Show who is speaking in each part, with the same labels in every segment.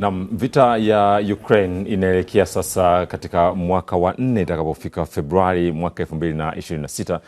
Speaker 1: Nam, vita ya Ukraine inaelekea sasa katika mwaka wa nne itakapofika Februari mwaka sita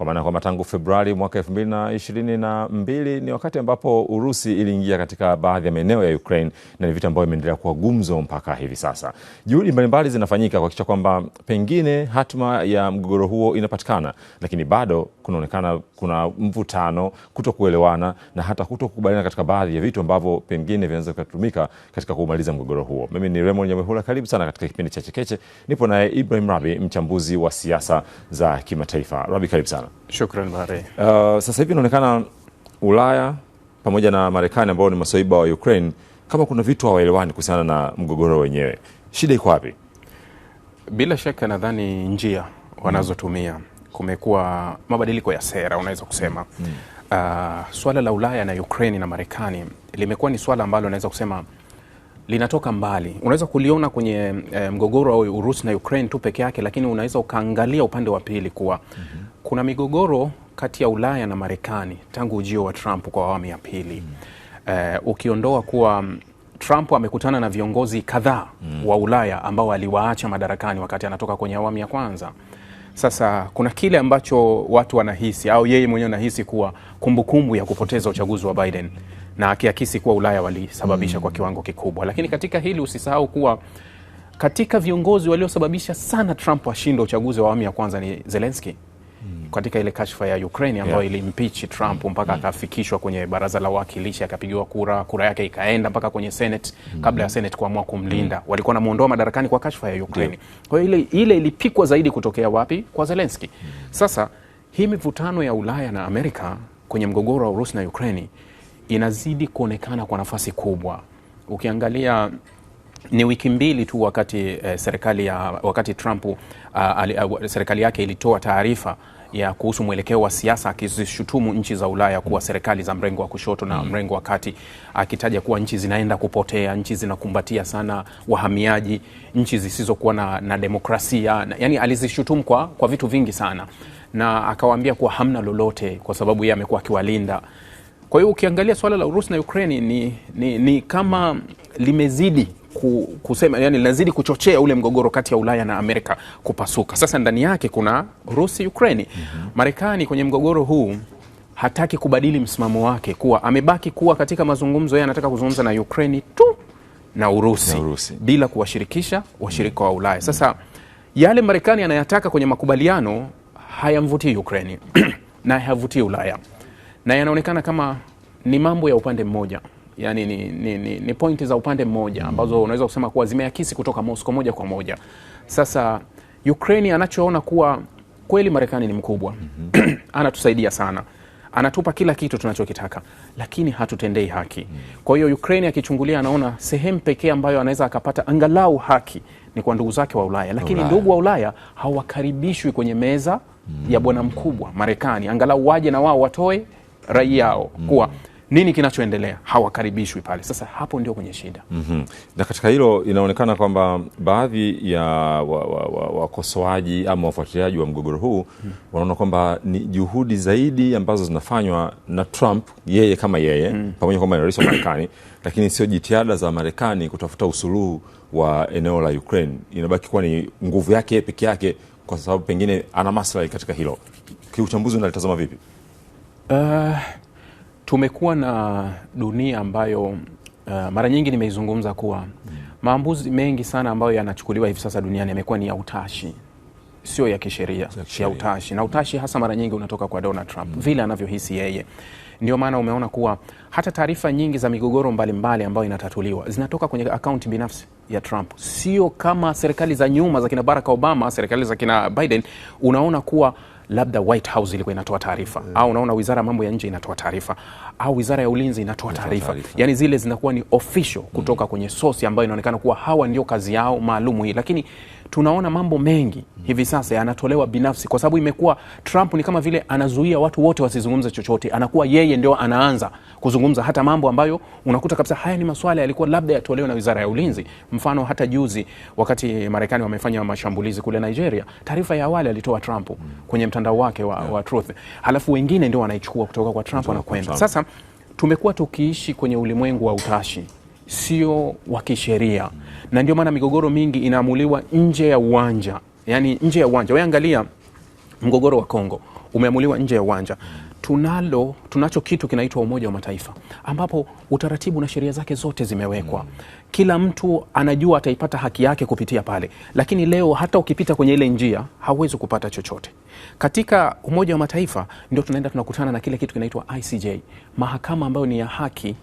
Speaker 1: kwa maana kwamba tangu Februari mwaka elfu mbili na ishirini na mbili ni wakati ambapo Urusi iliingia katika baadhi ya maeneo ya Ukraine na ni vita ambayo imeendelea kuwa gumzo mpaka hivi sasa. Juhudi mbalimbali zinafanyika kuhakikisha kwamba pengine hatima ya mgogoro huo inapatikana, lakini bado kunaonekana kuna mvutano, kuto kuelewana na hata kuto kukubaliana katika baadhi ya vitu ambavyo pengine vinaweza vikatumika katika kumaliza mgogoro huo. Mimi ni Raymond Nyamehula, karibu sana katika kipindi cha Chekeche. Nipo naye Ibrahim Rabi, mchambuzi wa siasa za kimataifa. Rabi, karibu sana.
Speaker 2: Shukran Bahari.
Speaker 1: Uh, sasa hivi inaonekana Ulaya pamoja na Marekani ambao ni masoiba wa Ukraine kama kuna vitu hawaelewani kuhusiana na mgogoro wenyewe. Shida iko wapi?
Speaker 2: Bila shaka nadhani njia wanazotumia mm. Kumekuwa mabadiliko ya sera unaweza kusema mm. mm. Uh, swala la Ulaya na Ukraine na Marekani limekuwa ni swala ambalo unaweza kusema linatoka mbali. Unaweza kuliona kwenye e, mgogoro wa Urusi na Ukraine tu peke yake, lakini unaweza ukaangalia upande wa pili kuwa mm -hmm. Kuna migogoro kati ya Ulaya na Marekani tangu ujio wa Trump kwa awamu ya pili mm. eh, ukiondoa kuwa Trump amekutana na viongozi kadhaa mm. wa Ulaya ambao aliwaacha madarakani wakati anatoka kwenye awamu ya kwanza. Sasa kuna kile ambacho watu wanahisi au yeye mwenyewe anahisi kuwa kumbukumbu ya kupoteza uchaguzi wa Biden na akiakisi kuwa Ulaya walisababisha mm. kwa kiwango kikubwa, lakini katika hili usisahau kuwa katika viongozi waliosababisha sana Trump ashinde uchaguzi wa awamu ya kwanza ni Zelensky katika ile kashfa ya Ukraine ambayo yeah. ilimpichi Trump mm. mpaka mm. akafikishwa kwenye baraza la wawakilishi akapigiwa kura, kura yake ikaenda mpaka kwenye Senate mm. kabla ya Senate kuamua kumlinda mm. walikuwa wanamuondoa madarakani kwa kashfa ya Ukraine yeah. kwa hiyo ile, ile ilipikwa zaidi kutokea wapi? Kwa Zelensky mm. Sasa hii mivutano ya Ulaya na Amerika kwenye mgogoro wa Urusi na Ukraine inazidi kuonekana kwa nafasi kubwa. Ukiangalia ni wiki mbili tu wakati eh, serikali ya wakati Trump uh, ali, uh, serikali yake ilitoa taarifa ya kuhusu mwelekeo wa siasa akizishutumu nchi za Ulaya kuwa serikali za mrengo wa kushoto na mm. mrengo wa kati, akitaja kuwa nchi zinaenda kupotea, nchi zinakumbatia sana wahamiaji, nchi zisizokuwa na, na demokrasia. Yani alizishutumu kwa, kwa vitu vingi sana, na akawaambia kuwa hamna lolote, kwa sababu yeye amekuwa akiwalinda. Kwa hiyo ukiangalia swala la Urusi na Ukraini ni, ni, ni kama limezidi kusema yani linazidi kuchochea ule mgogoro kati ya Ulaya na Amerika kupasuka. Sasa ndani yake kuna Urusi, Ukraini. mm -hmm. Marekani kwenye mgogoro huu hataki kubadili msimamo wake, kuwa amebaki kuwa katika mazungumzo, yeye anataka kuzungumza na Ukraini tu na Urusi, na Urusi bila kuwashirikisha washirika wa Ulaya. Mhm. Sasa yale Marekani anayataka kwenye makubaliano hayamvutii Ukraini na hayavutii Ulaya na yanaonekana kama ni mambo ya upande mmoja yani ni, ni, ni, ni pointi za upande mmoja mm. ambazo unaweza kusema kuwa zimeakisi kutoka Moscow moja kwa moja. Sasa Ukraine anachoona kuwa kweli Marekani ni mkubwa mm-hmm. anatusaidia sana anatupa kila kitu tunachokitaka, lakini hatutendei haki. Mm. Kwa hiyo Ukraine akichungulia, anaona sehemu pekee ambayo anaweza akapata angalau haki ni kwa ndugu zake wa Ulaya, lakini ndugu wa Ulaya hawakaribishwi kwenye meza ya mm. bwana mkubwa Marekani, angalau waje na wao watoe rai yao kuwa nini kinachoendelea? Hawakaribishwi pale. Sasa hapo ndio kwenye shida
Speaker 1: mm -hmm. Na katika hilo inaonekana kwamba baadhi ya wakosoaji wa, wa, wa ama wafuatiliaji wa mgogoro huu mm -hmm. wanaona kwamba ni juhudi zaidi ambazo zinafanywa na Trump yeye kama yeye mm -hmm. pamoja kwamba ni rais wa Marekani lakini sio jitihada za Marekani kutafuta usuluhu wa eneo la Ukraine, inabaki kuwa ni nguvu yake peke yake, kwa sababu pengine ana maslahi katika hilo. Kiuchambuzi unalitazama vipi? uh...
Speaker 2: Tumekuwa na dunia ambayo uh, mara nyingi nimeizungumza kuwa maamuzi mengi sana ambayo yanachukuliwa hivi sasa duniani yamekuwa ni ya utashi, sio ya kisheria, ya utashi na utashi hasa mara nyingi unatoka kwa Donald Trump mm. vile anavyohisi yeye. Ndio maana umeona kuwa hata taarifa nyingi za migogoro mbalimbali ambayo inatatuliwa zinatoka kwenye akaunti binafsi ya Trump, sio kama serikali za nyuma za kina Barack Obama, serikali za kina Biden. Unaona kuwa labda White House ilikuwa inatoa taarifa yeah, mm. au unaona wizara ya mambo ya nje inatoa taarifa au wizara ya ulinzi inatoa taarifa, yani zile zinakuwa ni official mm. kutoka mm, kwenye sosi ambayo inaonekana kuwa hawa ndio kazi yao maalum hii, lakini tunaona mambo mengi mm. hivi sasa yanatolewa binafsi, kwa sababu imekuwa Trump ni kama vile anazuia watu wote wasizungumze chochote, anakuwa yeye ndio anaanza kuzungumza kuzungumza hata mambo ambayo unakuta kabisa haya ni maswala yalikuwa labda yatolewe na wizara ya ulinzi. Mfano hata juzi wakati Marekani wamefanya mashambulizi kule Nigeria, taarifa ya awali alitoa Trump kwenye mtandao wake wa, yeah. wa Truth, halafu wengine ndio wanaichukua kutoka kwa Trump wanakwenda. Sasa tumekuwa tukiishi kwenye ulimwengu wa utashi sio wa kisheria, na ndio maana migogoro mingi inaamuliwa nje ya uwanja, yani nje ya uwanja. Weangalia mgogoro wa Kongo umeamuliwa nje ya uwanja tunalo tunacho kitu kinaitwa Umoja wa Mataifa ambapo utaratibu na sheria zake zote zimewekwa. Kila mtu anajua ataipata haki yake kupitia pale, lakini leo hata ukipita kwenye ile njia hauwezi kupata chochote. Katika Umoja wa Mataifa ndio tunaenda tunakutana na kile kitu kinaitwa ICJ, mahakama ambayo ni ya haki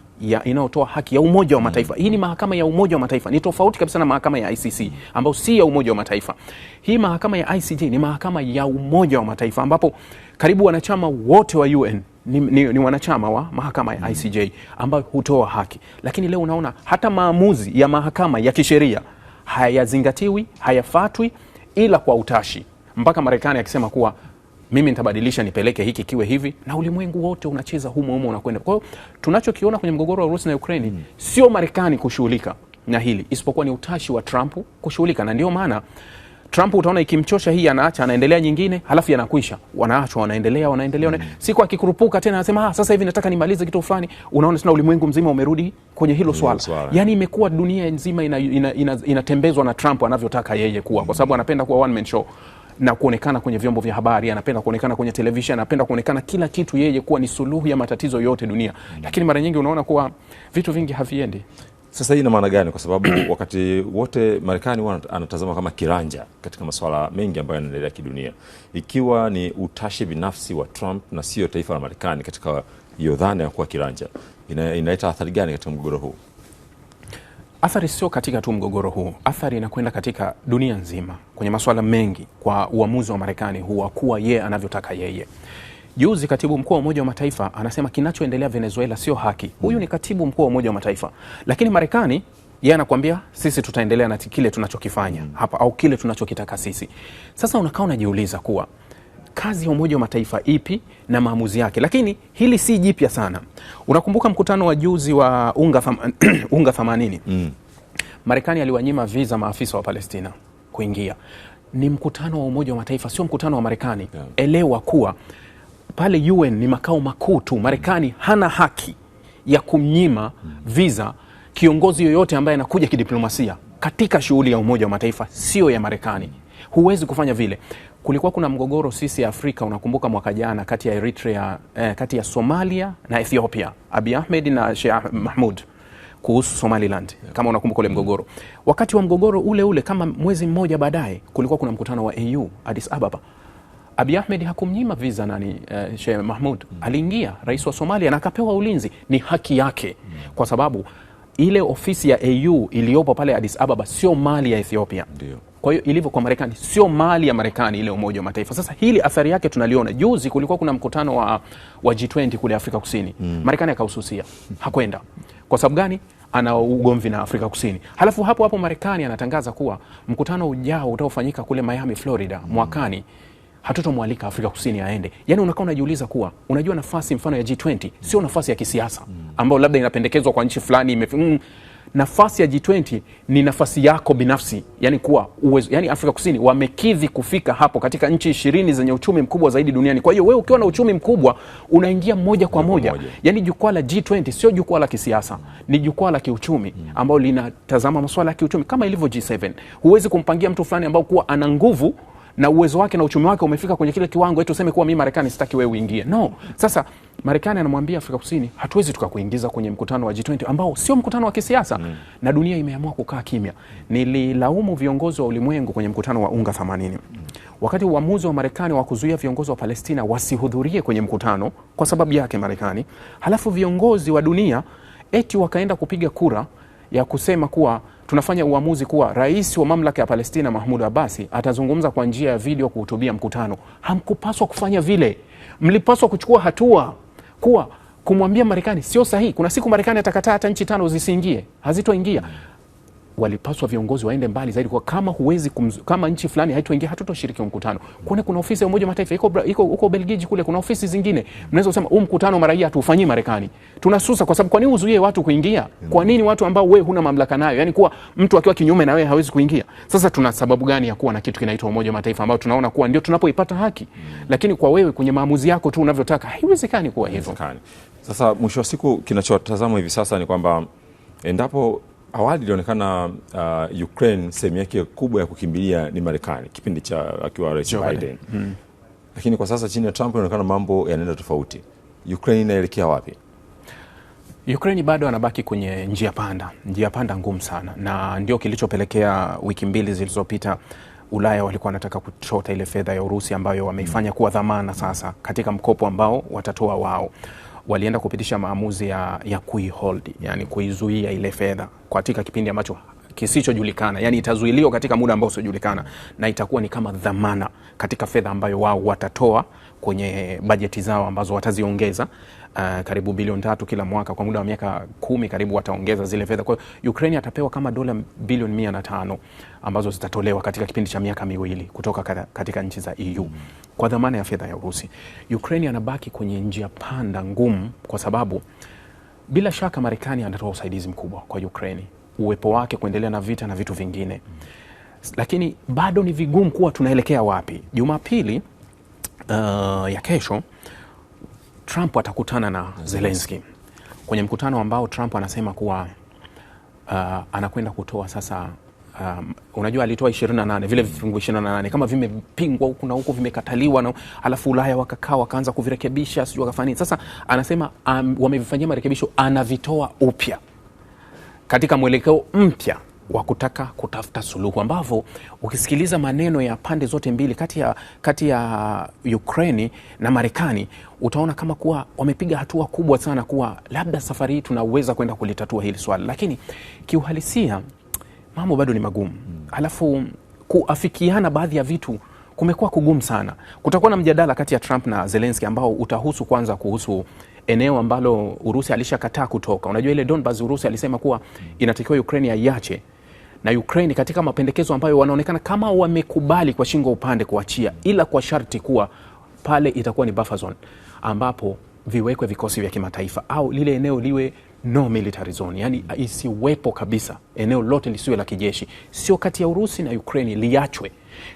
Speaker 2: inayotoa haki ya Umoja wa Mataifa. Hii ni mahakama ya Umoja wa Mataifa, ni tofauti kabisa na mahakama ya ICC ambayo si ya Umoja wa Mataifa. Hii mahakama ya ICJ ni mahakama ya Umoja wa Mataifa ambapo karibu wanachama wote wa UN ni, ni, ni wanachama wa mahakama ya ICJ ambayo hutoa haki, lakini leo unaona hata maamuzi ya mahakama ya kisheria hayazingatiwi, hayafatwi ila kwa utashi, mpaka Marekani akisema kuwa mimi nitabadilisha nipeleke hiki kiwe hivi, na ulimwengu wote unacheza humo humo unakwenda. Kwa hiyo tunachokiona kwenye mgogoro wa Urusi na Ukraini mm, sio Marekani kushughulika na hili, isipokuwa ni utashi wa Trump kushughulika, na ndio maana Trump utaona ikimchosha hii anaacha, anaendelea nyingine, halafu yanakwisha, wanaachwa, wanaendelea, wanaendelea mm. Siku akikurupuka tena anasema ah, sasa hivi nataka nimalize kitu fulani. Unaona tena ulimwengu mzima umerudi kwenye hilo swala, Yani imekuwa dunia nzima inatembezwa ina, ina, ina na Trump anavyotaka yeye kuwa, kwa sababu anapenda kuwa one man show na kuonekana kwenye vyombo vya habari, anapenda kuonekana kwenye televisheni, anapenda kuonekana kila kitu yeye kuwa ni suluhu ya matatizo yote dunia, mm. lakini mara nyingi unaona kuwa vitu vingi haviendi.
Speaker 1: Sasa hii ina maana gani? Kwa sababu wakati wote Marekani huwa anatazama kama kiranja katika masuala mengi ambayo yanaendelea kidunia, ikiwa ni utashi binafsi wa Trump na sio taifa la Marekani katika hiyo dhana ya kuwa kiranja, ina, inaleta athari gani katika mgogoro huu?
Speaker 2: Athari sio katika tu mgogoro huu, athari inakwenda katika dunia nzima kwenye masuala mengi, kwa uamuzi wa Marekani huwa kuwa yeye anavyotaka yeye. Juzi katibu mkuu wa Umoja wa Mataifa anasema kinachoendelea Venezuela sio haki. Huyu hmm. ni katibu mkuu wa Umoja wa Mataifa, lakini Marekani yeye anakuambia sisi tutaendelea na kile tunachokifanya hmm. hapa au kile tunachokitaka sisi. Sasa unakaa unajiuliza kuwa kazi ya Umoja wa Mataifa ipi na maamuzi yake. Lakini hili si jipya sana. Unakumbuka mkutano wa juzi wa unga unga 80 mm. Marekani aliwanyima viza maafisa wa Palestina kuingia. Ni mkutano wa Umoja wa Mataifa, sio mkutano wa Marekani yeah. Elewa kuwa pale UN ni makao makuu tu. Marekani hana haki ya kumnyima visa kiongozi yoyote ambaye anakuja kidiplomasia katika shughuli ya Umoja wa Mataifa, sio ya Marekani. Huwezi kufanya vile. Kulikuwa kuna mgogoro sisi Afrika, unakumbuka mwaka jana, kati ya Eritrea eh, kati ya Somalia na Ethiopia, Abi Ahmed na Sheikh Mahmud kuhusu Somaliland, kama unakumbuka ule mgogoro. Wakati wa mgogoro ule ule, kama mwezi mmoja baadaye, kulikuwa kuna mkutano wa AU Addis Ababa. Abi Ahmed hakumnyima visa nani, uh, Sheikh Mahmud mm. aliingia rais wa Somalia na akapewa ulinzi, ni haki yake mm. kwa sababu ile ofisi ya AU iliyopo pale Addis Ababa sio mali ya Ethiopia. Ndiyo. Kwa hiyo ilivyo kwa Marekani sio mali ya Marekani, ile Umoja wa Mataifa. Sasa hili athari yake tunaliona. Juzi kulikuwa kuna mkutano wa, wa G20 kule Afrika Kusini mm. Marekani akahususia, hakwenda kwa sababu gani? ana ugomvi na Afrika Kusini. Halafu hapo hapo Marekani anatangaza kuwa mkutano ujao utaofanyika kule Miami, Florida mm. mwakani mm hatutomwalika Afrika Kusini aende. Yani unakaa unajiuliza kuwa unajua nafasi mfano ya G20 sio nafasi ya kisiasa mm. ambayo labda inapendekezwa kwa nchi fulani imef... mm, nafasi ya G20 ni nafasi yako binafsi, yani kuwa uwezo, yani Afrika Kusini wamekidhi kufika hapo katika nchi ishirini zenye uchumi mkubwa zaidi duniani. Kwa hiyo wewe ukiwa na uchumi mkubwa unaingia moja kwa moja, yani jukwaa la G20 sio jukwaa la kisiasa, ni jukwaa la kiuchumi mm. ambayo linatazama masuala ya kiuchumi kama ilivyo G7. Huwezi kumpangia mtu fulani ambao kuwa ana nguvu na uwezo wake na uchumi wake umefika kwenye kile kiwango eti useme kuwa mimi Marekani sitaki wewe uingie. No, sasa Marekani anamwambia Afrika Kusini, hatuwezi tukakuingiza kwenye mkutano wa G20 ambao sio mkutano wa kisiasa mm. na dunia imeamua kukaa kimya. Nililaumu viongozi wa ulimwengu kwenye mkutano wa UNGA 80 mm. wakati uamuzi wa Marekani wa kuzuia viongozi wa Palestina wasihudhurie kwenye mkutano kwa sababu yake Marekani, halafu viongozi wa dunia eti wakaenda kupiga kura ya kusema kuwa tunafanya uamuzi kuwa rais wa mamlaka ya Palestina Mahmud Abbasi atazungumza kwa njia ya video kuhutubia mkutano. Hamkupaswa kufanya vile, mlipaswa kuchukua hatua kuwa kumwambia Marekani sio sahihi. Kuna siku Marekani atakataa hata nchi tano zisiingie, hazitoingia walipaswa viongozi waende mbali zaidi, kwa kama huwezi kumzu, kama nchi fulani haitoingia hatutoshiriki mkutano. Kwani kuna ofisi ya Umoja wa Mataifa iko iko huko Belgiji kule, kuna ofisi zingine mnaweza kusema huu mkutano mara hii hatuufanyii Marekani, tunasusa. Kwa sababu kwa nini uzuie watu kuingia? Kwa nini watu ambao wewe huna mamlaka nayo, yani kuwa mtu akiwa kinyume na wewe hawezi kuingia? Sasa tuna sababu gani ya kuwa na kitu kinaitwa Umoja wa Mataifa ambao tunaona kuwa ndio tunapoipata haki, lakini kwa wewe kwenye maamuzi yako tu unavyotaka, haiwezekani kuwa hivyo.
Speaker 1: Sasa mwisho wa siku kinachotazamwa hivi sasa ni kwamba endapo awali ilionekana uh, Ukraine sehemu yake kubwa ya kukimbilia ni Marekani kipindi cha akiwa Rais Biden hmm. Lakini kwa sasa chini ya Trump inaonekana mambo yanaenda tofauti. Ukraine inaelekea wapi?
Speaker 2: Ukraine bado anabaki kwenye njia panda, njia panda ngumu sana, na ndio kilichopelekea wiki mbili zilizopita Ulaya walikuwa wanataka kuchota ile fedha ya Urusi ambayo wameifanya hmm. kuwa dhamana sasa katika mkopo ambao watatoa wao walienda kupitisha maamuzi ya, ya kuihold, yani kuizuia ile fedha katika kipindi ambacho kisichojulikana, yani itazuiliwa katika muda ambao usiojulikana, na itakuwa ni kama dhamana katika fedha ambayo wao watatoa kwenye bajeti zao ambazo wataziongeza uh, karibu bilioni tatu kila mwaka kwa muda wa miaka kumi karibu wataongeza zile fedha. Kwa hiyo Ukraine atapewa kama dola bilioni mia na tano ambazo zitatolewa katika kipindi cha miaka miwili kutoka katika nchi za EU mm. kwa dhamana ya fedha ya Urusi. Ukraine anabaki kwenye njia panda ngumu, kwa sababu bila shaka Marekani anatoa usaidizi mkubwa kwa Ukraine, uwepo wake kuendelea na vita na vitu vingine mm. lakini bado ni vigumu kuwa tunaelekea wapi. Jumapili uh, ya kesho uh, Trump atakutana na Zelensky kwenye mkutano ambao Trump anasema kuwa uh, anakwenda kutoa sasa Um, unajua alitoa 28 vile vifungu 28 kama vimepingwa huku na huku vimekataliwa na alafu Ulaya wakakaa wakaanza kuvirekebisha sijui wakafanya nini. Sasa anasema um, wamevifanyia marekebisho, anavitoa upya katika mwelekeo mpya wa kutaka kutafuta suluhu, ambavyo ukisikiliza maneno ya pande zote mbili kati ya, kati ya Ukraini na Marekani utaona kama kuwa wamepiga hatua kubwa sana, kuwa labda safari hii tunaweza kwenda kulitatua hili swala, lakini kiuhalisia mambo bado ni magumu. alafu kuafikiana baadhi ya vitu kumekuwa kugumu sana. Kutakuwa na mjadala kati ya Trump na Zelenski ambao utahusu kwanza kuhusu eneo ambalo Urusi alishakataa kutoka. Unajua ile Donbas, Urusi alisema kuwa inatakiwa Ukraine yaiache na Ukraine katika mapendekezo ambayo wanaonekana kama wamekubali kwa shingo upande kuachia, ila kwa sharti kuwa pale itakuwa ni buffer zone ambapo viwekwe vikosi vya kimataifa au lile eneo liwe no military zone, yani isiwepo kabisa, eneo lote lisiwe la kijeshi, sio kati ya Urusi na Ukraine, liachwe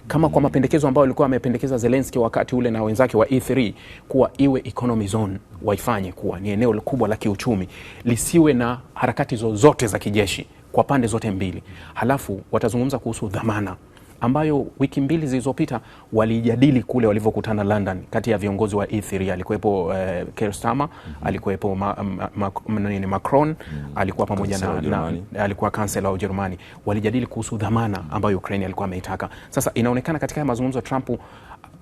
Speaker 2: kama kwa mapendekezo ambayo alikuwa amependekeza Zelensky wakati ule na wenzake wa E3 kuwa iwe economy zone, waifanye kuwa ni eneo kubwa la kiuchumi, lisiwe na harakati zozote za kijeshi kwa pande zote mbili, halafu watazungumza kuhusu dhamana ambayo wiki mbili zilizopita walijadili kule walivyokutana London, kati ya viongozi wa E3 alikuwepo eh, Keir Starmer, mhm. alikuwepo ma, ma, ma, Macron mhm. alikuwa pamoja na, na alikuwa kansela wa Ujerumani. Walijadili kuhusu dhamana ambayo Ukraine alikuwa ameitaka. Sasa inaonekana katika mazungumzo ya Trump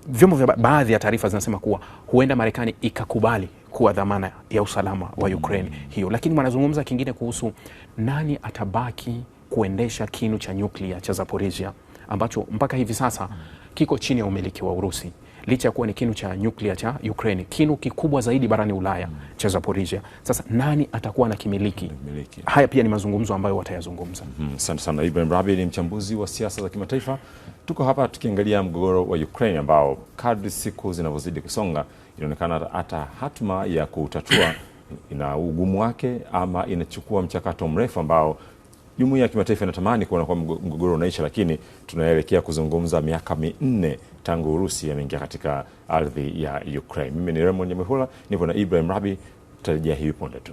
Speaker 2: vyombo vya baadhi ya taarifa zinasema kuwa huenda Marekani ikakubali kuwa dhamana ya usalama wa Ukraine hiyo, lakini wanazungumza kingine kuhusu nani atabaki kuendesha kinu cha nyuklia cha Zaporizhia ambacho mpaka hivi sasa kiko chini ya umiliki wa Urusi licha ya kuwa ni kinu cha nyuklia cha Ukraine, kinu kikubwa zaidi barani Ulaya mm. cha Zaporizhia. Sasa nani atakuwa na kimiliki? Miliki. Haya pia ni mazungumzo ambayo watayazungumza.
Speaker 1: Mm-hmm. Asante mm. sana Ibrahim Rabi ni mchambuzi wa siasa za kimataifa. Tuko hapa tukiangalia mgogoro wa Ukraine ambao kadri siku zinavyozidi kusonga inaonekana hata hatma ya kutatua ina ugumu wake, ama inachukua mchakato mrefu ambao jumuiya ya kimataifa inatamani kuona kwamba mgogoro unaisha, lakini tunaelekea kuzungumza miaka minne tangu Urusi ameingia katika ardhi ya Ukraine. Mimi ni Raymond Nyamwihula, nipo na Ibrahim Rahbi, tutarejea hivi punde tu.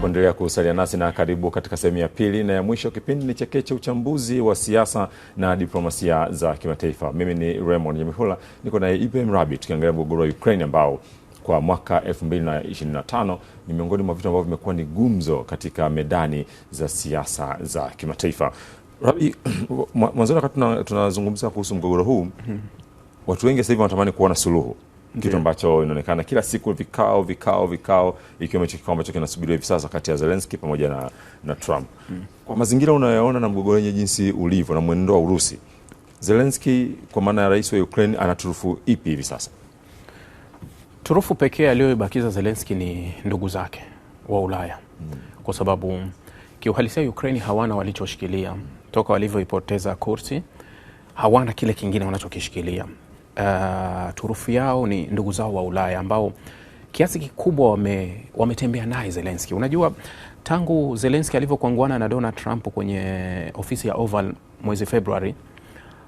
Speaker 1: kwa kuendelea kusalia nasi na karibu katika sehemu ya pili na ya mwisho. Kipindi ni Chekeche, uchambuzi wa siasa na diplomasia za kimataifa. Mimi ni Raymond Nyamihula, niko naye Ibrahim Rabi, tukiangalia mgogoro wa Ukraine ambao kwa mwaka 2025 ni miongoni mwa vitu ambavyo vimekuwa ni gumzo katika medani za siasa za kimataifa. Rabi, mwanzoni wakati tunazungumza kuhusu mgogoro huu, watu wengi sasa hivi wanatamani kuona suluhu kitu ambacho inaonekana kila siku vikao vikao vikao, ikiwemo hicho kikao ambacho kinasubiriwa hivi sasa kati ya Zelensky pamoja na, na Trump mm. Kwa mazingira unayoona na mgogoro wenye jinsi ulivyo na mwenendo wa Urusi, Zelensky kwa maana ya rais wa Ukraine ana turufu ipi hivi sasa?
Speaker 2: Turufu pekee aliyoibakiza Zelensky ni ndugu zake wa Ulaya mm. kwa sababu kiuhalisia Ukraine hawana walichoshikilia toka walivyoipoteza Kursi, hawana kile kingine wanachokishikilia uh, turufu yao ni ndugu zao wa Ulaya ambao kiasi kikubwa wame, wametembea naye Zelensky. Unajua, tangu Zelensky alivyokwanguana na Donald Trump kwenye ofisi ya Oval mwezi Februari,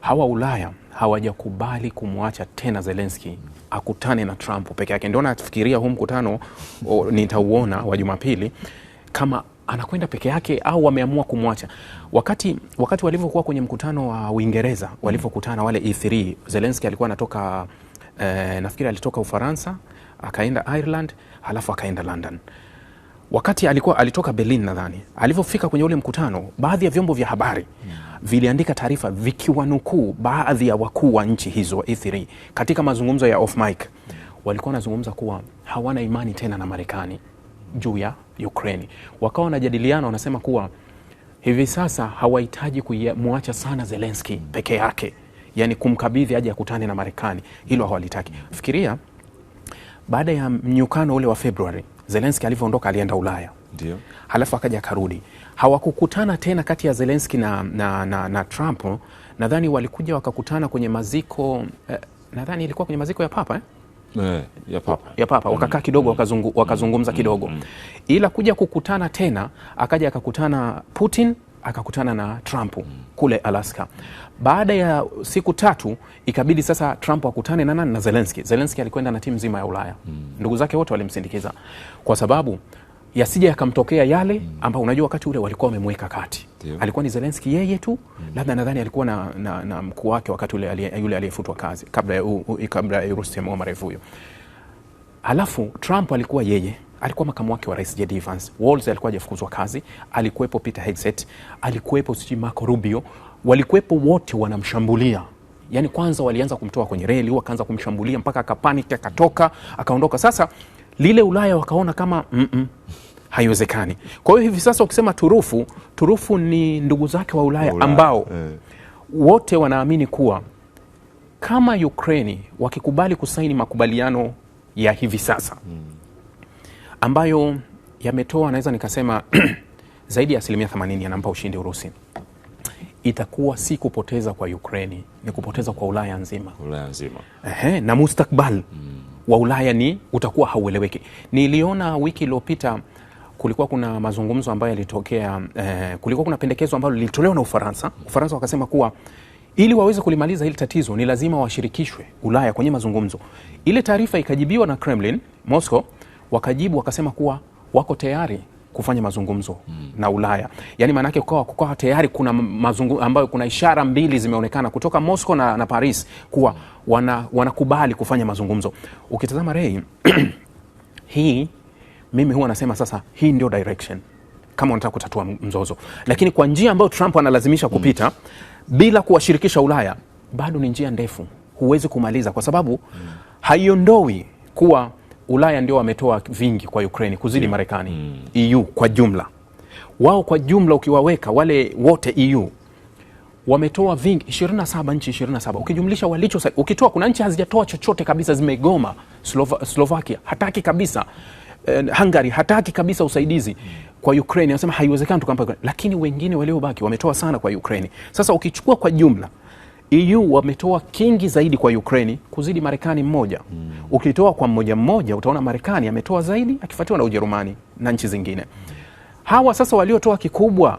Speaker 2: hawa Ulaya hawajakubali kumwacha tena Zelensky akutane na Trump peke yake. Ndio nafikiria huu mkutano nitauona wa Jumapili kama anakwenda peke yake au wameamua kumwacha. Wakati, wakati walivyokuwa kwenye mkutano wa Uingereza mm. walivyokutana wale E3, Zelensky alikuwa anatoka eh, nafikiri alitoka Ufaransa akaenda Ireland halafu akaenda London. Wakati alikuwa alitoka Berlin nadhani, alivyofika kwenye ule mkutano, baadhi ya vyombo vya habari mm. viliandika taarifa vikiwanukuu baadhi ya wakuu wa nchi hizo wa e E3 katika mazungumzo ya off mic, mm. walikuwa wanazungumza kuwa hawana imani tena na Marekani juu ya Ukraine. Wakawa wanajadiliana, wanasema kuwa hivi sasa hawahitaji kumwacha sana Zelensky peke yake, yani kumkabidhi aje akutane na Marekani, hilo hawalitaki. Fikiria baada ya mnyukano ule wa Februari, Zelensky alivyoondoka alienda Ulaya ndio, Halafu akaja akarudi, hawakukutana tena kati ya Zelenski na, na, na, na Trump. Nadhani walikuja wakakutana kwenye maziko eh, nadhani ilikuwa kwenye maziko ya Papa eh?
Speaker 1: Eh, ya papa,
Speaker 2: ya papa. Wakakaa mm. kidogo wakazungu, mm. wakazungumza mm. kidogo, ila kuja kukutana tena akaja akakutana Putin akakutana na Trump kule Alaska. Baada ya siku tatu ikabidi sasa Trump akutane na nani? Na Zelenski. Zelenski alikwenda na timu nzima ya Ulaya, ndugu zake wote walimsindikiza kwa sababu yasija yakamtokea yale mm. ambao unajua wakati ule walikuwa wamemweka kati. Diyo. Alikuwa ni Zelenski yeye tu mm. Labda nadhani alikuwa na, na, na mkuu wake wakati ule yule aliyefutwa kazi kabla ya kabla ya Rustem Umarev huyo. Alafu Trump alikuwa yeye, alikuwa makamu wake wa rais JD Vance. Walz alikuwa hajafukuzwa kazi, alikuwepo Peter Hegseth, alikuwepo sijui Marco Rubio, walikuwepo wote wanamshambulia yani, kwanza walianza kumtoa kwenye reli, wakaanza kumshambulia mpaka akapanic akatoka, akaondoka sasa lile Ulaya wakaona kama mm -mm, haiwezekani. Kwa hiyo hivi sasa ukisema turufu, turufu ni ndugu zake wa Ulaya, ambao eh, wote wanaamini kuwa kama Ukraini wakikubali kusaini makubaliano ya hivi sasa hmm. ambayo yametoa naweza nikasema zaidi ya asilimia 80 yanampa ushindi Urusi, itakuwa si kupoteza kwa Ukraini, ni kupoteza kwa Ulaya nzima, Ulaya nzima. Ehe, na mustakbal mm wa Ulaya ni utakuwa haueleweki. Niliona wiki iliyopita kulikuwa kuna mazungumzo ambayo yalitokea eh, kulikuwa kuna pendekezo ambalo lilitolewa na Ufaransa. Ufaransa wakasema kuwa ili waweze kulimaliza hili tatizo ni lazima washirikishwe Ulaya kwenye mazungumzo. Ile taarifa ikajibiwa na Kremlin Moscow, wakajibu wakasema kuwa wako tayari kufanya mazungumzo mm. na Ulaya. Yaani maanake kukawa, kukawa tayari kuna mazungumzo ambayo kuna ishara mbili zimeonekana kutoka Moscow na, na Paris kuwa hmm. wana, wanakubali kufanya mazungumzo. Ukitazama rei hii mimi huwa nasema sasa hii ndio direction kama unataka kutatua mzozo, lakini kwa njia ambayo Trump analazimisha hmm. kupita mm. bila kuwashirikisha Ulaya bado ni njia ndefu, huwezi kumaliza kwa sababu mm. haiondoi kuwa Ulaya ndio wametoa vingi kwa Ukraine kuzidi yeah. Marekani mm. EU kwa jumla wao kwa jumla ukiwaweka wale wote EU wametoa vingi 27 nchi 27 ukijumlisha walicho ukitoa, kuna nchi hazijatoa chochote kabisa, zimegoma. Slova, Slovakia hataki kabisa eh, Hungary hataki kabisa usaidizi mm. kwa Ukraine, anasema haiwezekani tukampa, lakini wengine waliobaki wametoa sana kwa Ukraine. Sasa ukichukua kwa jumla EU wametoa kingi zaidi kwa Ukraini kuzidi Marekani mmoja mm. Ukitoa kwa mmoja mmoja utaona Marekani ametoa zaidi akifuatiwa na Ujerumani na nchi zingine. Hawa sasa waliotoa kikubwa,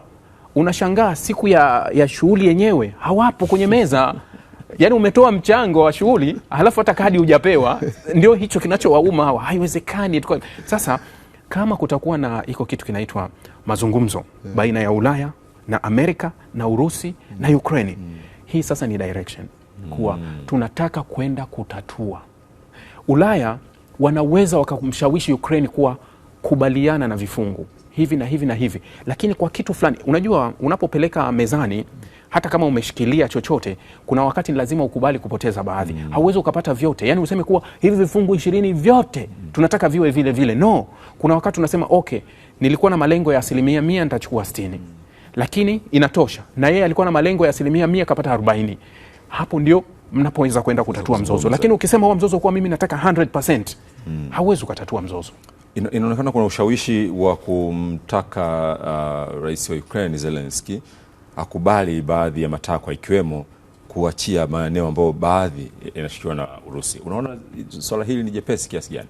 Speaker 2: unashangaa siku ya, ya shughuli yenyewe hawapo kwenye meza yaani umetoa mchango wa shughuli halafu hata kadi hujapewa. Ndio hicho kinachowauma hawa, haiwezekani. Sasa kama kutakuwa na iko kitu kinaitwa mazungumzo hmm. baina ya Ulaya na Amerika na Urusi hmm. na Ukraini mm. Hii sasa ni direction kuwa tunataka kwenda kutatua. Ulaya wanaweza wakamshawishi Ukraine kuwa kubaliana na vifungu hivi na hivi na hivi, lakini kwa kitu fulani, unajua, unapopeleka mezani, hata kama umeshikilia chochote, kuna wakati ni lazima ukubali kupoteza baadhi mm. Hauwezi ukapata vyote, yani useme kuwa hivi vifungu ishirini vyote mm. tunataka viwe vile vile, no. Kuna wakati unasema okay, nilikuwa na malengo ya asilimia mia, nitachukua sitini. Mm lakini inatosha, na yeye alikuwa na malengo ya asilimia mia kapata arobaini. Hapo ndio mnapoweza kwenda kutatua mzozo, lakini ukisema huwa mzozo kuwa mimi nataka 100% hmm. hauwezi ukatatua mzozo.
Speaker 1: In, inaonekana kuna ushawishi wa kumtaka uh, rais wa Ukraine zelenski akubali baadhi ya matakwa ikiwemo kuachia maeneo ambayo baadhi yanashikiwa na Urusi. Unaona swala hili ni jepesi kiasi gani?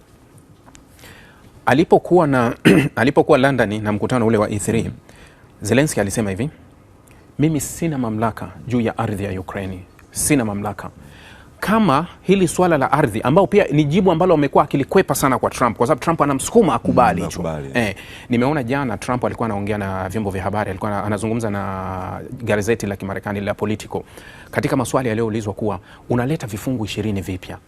Speaker 2: Alipokuwa na alipokuwa London na mkutano ule wa E3 zelenski alisema hivi, mimi sina mamlaka juu ya ardhi ya Ukraini, sina mamlaka kama hili swala la ardhi ambao pia ni jibu ambalo wamekuwa akilikwepa sana kwa Trump kwa sababu Trump anamsukuma akubali hicho. Mm, eh, nimeona jana Trump alikuwa anaongea na vyombo vya habari, alikuwa anazungumza na gazeti la Kimarekani la Politico katika maswali yaliyoulizwa kuwa unaleta vifungu ishirini vipya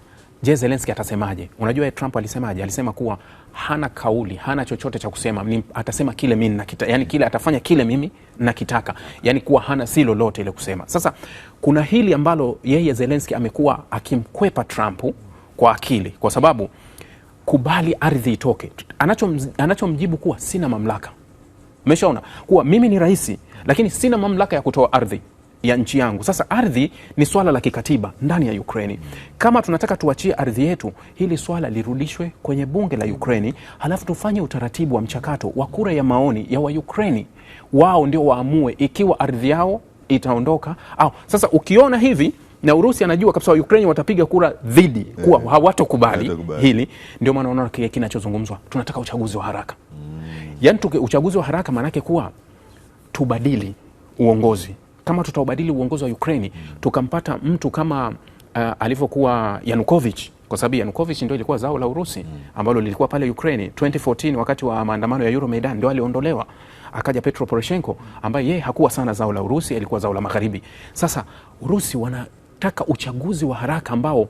Speaker 2: Je, zelenski atasemaje? Unajua Trump alisemaje? Alisema kuwa hana kauli, hana chochote cha kusema ni, atasema kile mimi nakita, yani kile atafanya kile mimi nakitaka, yani kuwa hana si lolote ile kusema. Sasa kuna hili ambalo yeye zelenski amekuwa akimkwepa Trump kwa akili, kwa sababu kubali ardhi itoke, anachomjibu anacho kuwa sina mamlaka. Umeshaona kuwa mimi ni rais, lakini sina mamlaka ya kutoa ardhi ya nchi yangu. Sasa ardhi ni swala la kikatiba ndani ya Ukraini. Kama tunataka tuachie ardhi yetu, hili swala lirudishwe kwenye bunge la Ukraini, halafu tufanye utaratibu wa mchakato wa kura ya maoni ya Waukraini, wao ndio waamue ikiwa ardhi yao itaondoka au. Sasa ukiona hivi na Urusi anajua kabisa Waukraini watapiga kura dhidi kuwa eh, hawatokubali hili, ndio maana unaona kile kinachozungumzwa, tunataka uchaguzi wa haraka. Mm. Yaani uchaguzi wa haraka maanake kuwa tubadili uongozi kama tutaubadili uongozi wa Ukraini tukampata mtu kama uh, alivyokuwa yanukovich kwa sababu Yanukovich ndio ilikuwa zao la Urusi ambalo lilikuwa pale Ukraini 2014 wakati wa maandamano ya Euro Maidan ndio aliondolewa. Akaja Petro Poroshenko ambaye yeye hakuwa sana zao la Urusi, alikuwa zao la magharibi. Sasa Urusi wanataka uchaguzi wa haraka ambao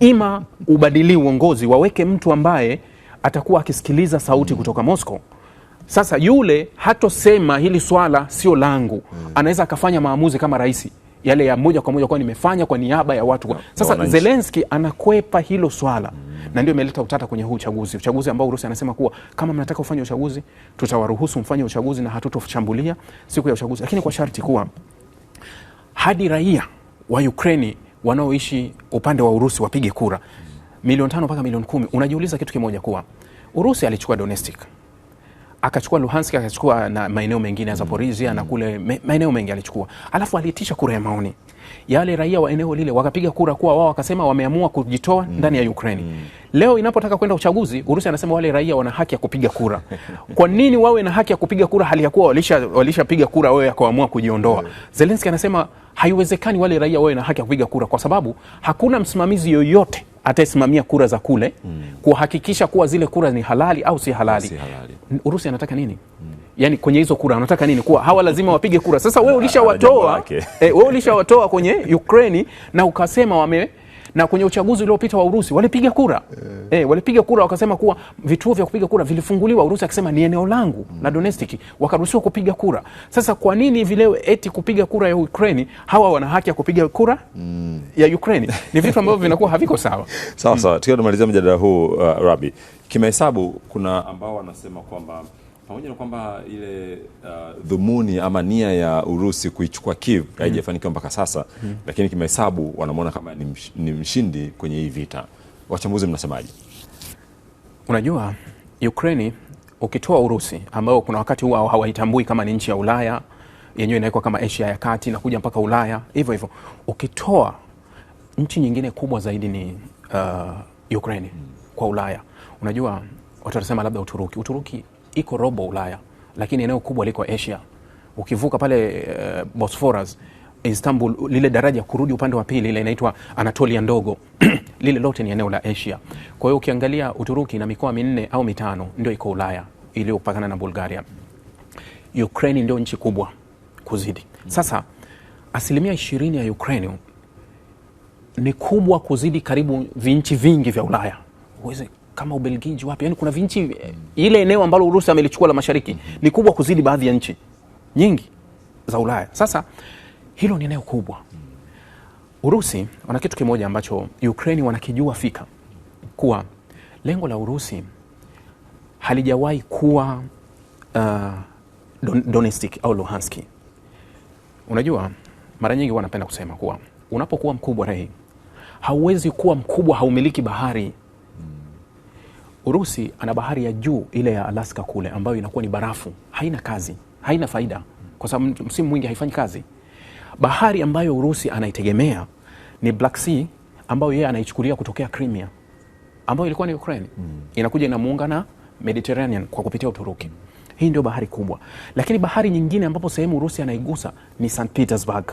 Speaker 2: ima ubadilii uongozi, waweke mtu ambaye atakuwa akisikiliza sauti kutoka Moscow. Sasa yule hatosema hili swala sio langu, hmm. anaweza akafanya maamuzi kama rais yale ya moja kwa moja, kwa nimefanya kwa niaba ya watu. Sasa Zelensky anakwepa hilo swala hmm. na ndio imeleta utata kwenye huu uchaguzi, uchaguzi ambao Urusi anasema kuwa kama mnataka kufanya uchaguzi, tutawaruhusu mfanye uchaguzi na hatutoshambulia siku ya uchaguzi, lakini kwa sharti kuwa hadi raia wa Ukraini wanaoishi upande wa Urusi wapige kura hmm. milioni tano mpaka milioni kumi. Unajiuliza kitu kimoja kuwa Urusi alichukua Donetsk akachukua Luhansk, akachukua na maeneo mengine ya Zaporizhia na kule maeneo mengi alichukua, alafu aliitisha kura ya maoni yale raia wa eneo lile wakapiga kura kuwa wao wakasema wameamua kujitoa mm. ndani ya Ukraine mm. Leo inapotaka kwenda uchaguzi, Urusi anasema wale raia wana haki ya kupiga kura. Kwa nini wawe na haki ya kupiga kura hali ya kuwa walishapiga kura wao yakaamua kujiondoa? Mm. Zelensky anasema haiwezekani wale raia wawe na haki ya kupiga kura kwa sababu hakuna msimamizi yoyote atayesimamia kura za kule mm. kuhakikisha kuwa zile kura ni halali au si halali, si halali. Urusi anataka nini? mm yani kwenye hizo kura anataka nini? Kuwa hawa lazima wapige kura. Sasa wewe ulishawatoa eh, wewe ulishawatoa kwenye Ukraini na ukasema wame na kwenye uchaguzi uliopita wa Urusi walipiga kura e. E, walipiga kura wakasema kuwa vituo vya kupiga kura vilifunguliwa. Urusi akisema ni eneo langu mm. la Donetsk, wakaruhusiwa kupiga kura. Sasa kwa nini vileo eti kupiga kura ya Ukraini hawa wana haki ya kupiga kura mm. ya Ukraini? Ni vitu ambavyo vinakuwa haviko sawa
Speaker 1: sawa sawa. Mm. Tukiwa tumalizia mjadala huu uh, Rabi kimahesabu, kuna ambao wanasema kwamba pamoja na kwamba ile uh, dhumuni ama nia ya Urusi kuichukua Kiev mm. haijafanikiwa mm. mpaka sasa mm. lakini kimahesabu wanamwona kama ni, msh, ni mshindi kwenye hii vita. Wachambuzi mnasemaje?
Speaker 2: Unajua, Ukraini ukitoa Urusi ambao kuna wakati huwa hawaitambui kama ni nchi ya Ulaya yenyewe inawekwa kama Asia ya kati na kuja mpaka Ulaya hivyo hivyo, ukitoa nchi nyingine kubwa zaidi ni uh, Ukraini mm. kwa Ulaya. Unajua watu watasema labda Uturuki. Uturuki iko robo Ulaya, lakini eneo kubwa liko Asia. Ukivuka pale uh, Bosphorus Istanbul, lile daraja kurudi upande wa pili ile inaitwa Anatolia ndogo lile lote ni eneo la Asia. Kwa hiyo ukiangalia Uturuki na mikoa minne au mitano ndio iko Ulaya iliyopakana na Bulgaria. Ukraine ndio nchi kubwa kuzidi. Sasa asilimia ishirini ya Ukraine ni kubwa kuzidi karibu vinchi vingi vya Ulaya kama Ubelgiji wapi, yani kuna vinchi mm. ile eneo ambalo Urusi amelichukua la mashariki mm -hmm. ni kubwa kuzidi baadhi ya nchi nyingi za Ulaya. Sasa hilo ni eneo kubwa. Urusi wana kitu kimoja ambacho Ukraini wanakijua fika kuwa lengo la Urusi halijawahi kuwa uh, Don Donetsk au Luhansk. Unajua, mara nyingi wanapenda kusema kuwa unapokuwa mkubwa rehi, hauwezi kuwa mkubwa haumiliki bahari Urusi ana bahari ya juu ile ya Alaska kule ambayo inakuwa ni barafu, haina kazi, haina faida kwa sababu msimu mwingi haifanyi kazi. Bahari ambayo Urusi anaitegemea ni Black Sea ambayo yeye anaichukulia kutokea Crimea ambayo ilikuwa ni Ukraine mm. inakuja inamuunga na Mediterranean kwa kupitia Uturuki. Hii ndio bahari kubwa, lakini bahari nyingine ambapo sehemu Urusi anaigusa ni St Petersburg.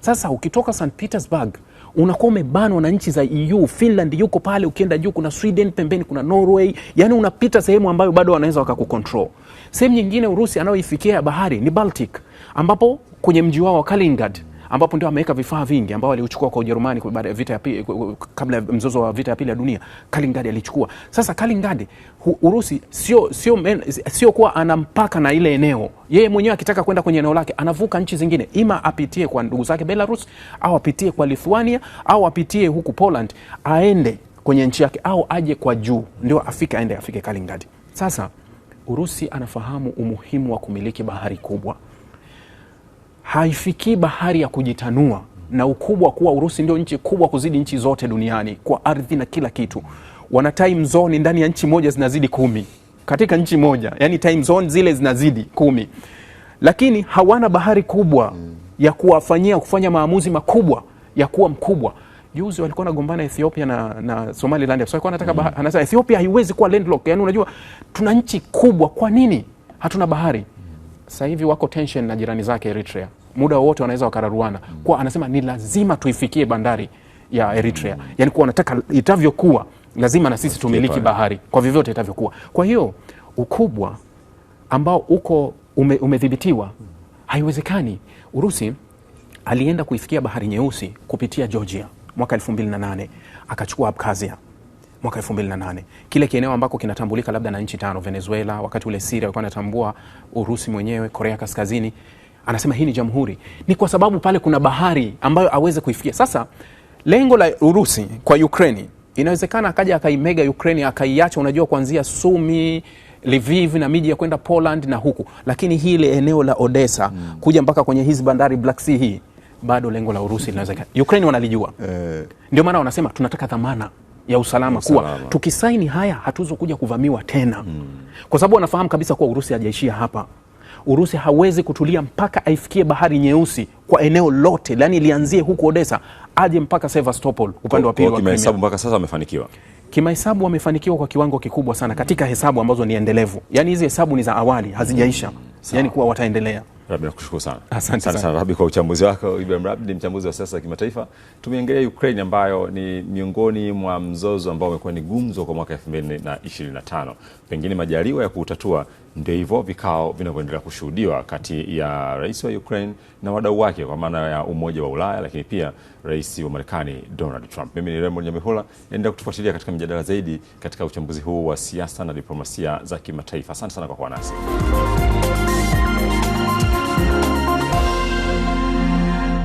Speaker 2: Sasa ukitoka St Petersburg unakuwa umebanwa na nchi za EU. Finland yuko pale, ukienda juu kuna Sweden, pembeni kuna Norway, yani unapita sehemu ambayo bado wanaweza wakakukontrol. Sehemu nyingine Urusi anayoifikia ya bahari ni Baltic, ambapo kwenye mji wao wa Kaliningrad ambapo ndio ameweka vifaa vingi ambao alichukua kwa Ujerumani baada ya vita ya pili, kabla ya mzozo wa vita ya pili ya dunia, Kalingadi alichukua. Sasa Kalingadi Urusi sio sio sio kuwa anampaka na ile eneo, yeye mwenyewe akitaka kwenda kwenye eneo lake anavuka nchi zingine, ima apitie kwa ndugu zake Belarus au apitie kwa Lithuania au apitie huku Poland aende kwenye nchi yake au aje kwa juu ndio afike aende afike Kalingadi. Sasa Urusi anafahamu umuhimu wa kumiliki bahari kubwa haifikii bahari ya kujitanua na ukubwa kuwa Urusi ndio nchi kubwa kuzidi nchi zote duniani kwa ardhi na kila kitu. Wana time zone ndani ya nchi moja zinazidi kumi katika nchi moja, yani time zone zile zinazidi kumi, lakini hawana bahari kubwa ya kuwafanyia kufanya maamuzi makubwa ya kuwa mkubwa. Juzi walikuwa nagombana Ethiopia na, na Somaliland. So, anataka mm. anasema Ethiopia haiwezi kuwa landlock. Yani unajua tuna nchi kubwa, kwa nini hatuna bahari? Sasa hivi wako tension na jirani zake Eritrea muda wote wanaweza wakararuana, mm. kwa anasema ni lazima tuifikie bandari ya Eritrea, mm. yani kuwa wanataka itavyokuwa lazima na sisi tumiliki bahari kwa vyovyote itavyokuwa. Kwa hiyo ukubwa ambao uko ume, umedhibitiwa haiwezekani. Urusi alienda kuifikia bahari nyeusi kupitia Georgia mwaka elfu mbili na nane akachukua Abkhazia mwaka elfu mbili na nane kile kieneo ambako kinatambulika labda na nchi tano: Venezuela wakati ule, Siria walikuwa anatambua Urusi mwenyewe, Korea Kaskazini anasema hii ni jamhuri, ni kwa sababu pale kuna bahari ambayo aweze kuifikia. Sasa lengo la Urusi kwa Ukraini, inawezekana akaja akaimega Ukraini akaiacha, unajua kuanzia Sumi Lviv na miji ya kwenda Poland na huku, lakini hili eneo la Odessa mm. kuja mpaka kwenye hizi bandari Black Sea hii bado lengo la Urusi linawezekana. Ukraine wanalijua eh. Ndio maana wanasema tunataka dhamana ya usalama, usalama, kuwa tukisaini haya hatuzokuja kuvamiwa tena mm. kwa sababu wanafahamu kabisa kuwa Urusi hajaishia hapa. Urusi hawezi kutulia mpaka aifikie bahari nyeusi kwa eneo lote, lani lianzie huku Odessa aje mpaka Sevastopol upande wa pili
Speaker 1: wa Mpaka sasa amefanikiwa
Speaker 2: kimahesabu wamefanikiwa kwa kiwango kikubwa sana katika hesabu ambazo ni endelevu, yani hizi hesabu ni za awali, hazijaisha, mm. yani kuwa wataendelea. Rabbi, nakushukuru sana. Asante sana, sana kwa uchambuzi wako. Ibrahim ni mchambuzi wa siasa za kimataifa. Tumeangalia Ukraine ambayo ni miongoni mwa mzozo ambao umekuwa ni gumzo kwa mwaka 2025. Pengine majaliwa ya kuutatua ndio hivyo vikao vinavyoendelea kushuhudiwa kati ya rais wa Ukraine na wadau wake kwa maana ya Umoja wa Ulaya, lakini pia rais wa Marekani Donald Trump. Mimi ni Raymond Nyamihula, endelea kutufuatilia katika mjadala zaidi katika uchambuzi huu wa siasa na diplomasia za kimataifa. Asante sana kwa kuwa nasi.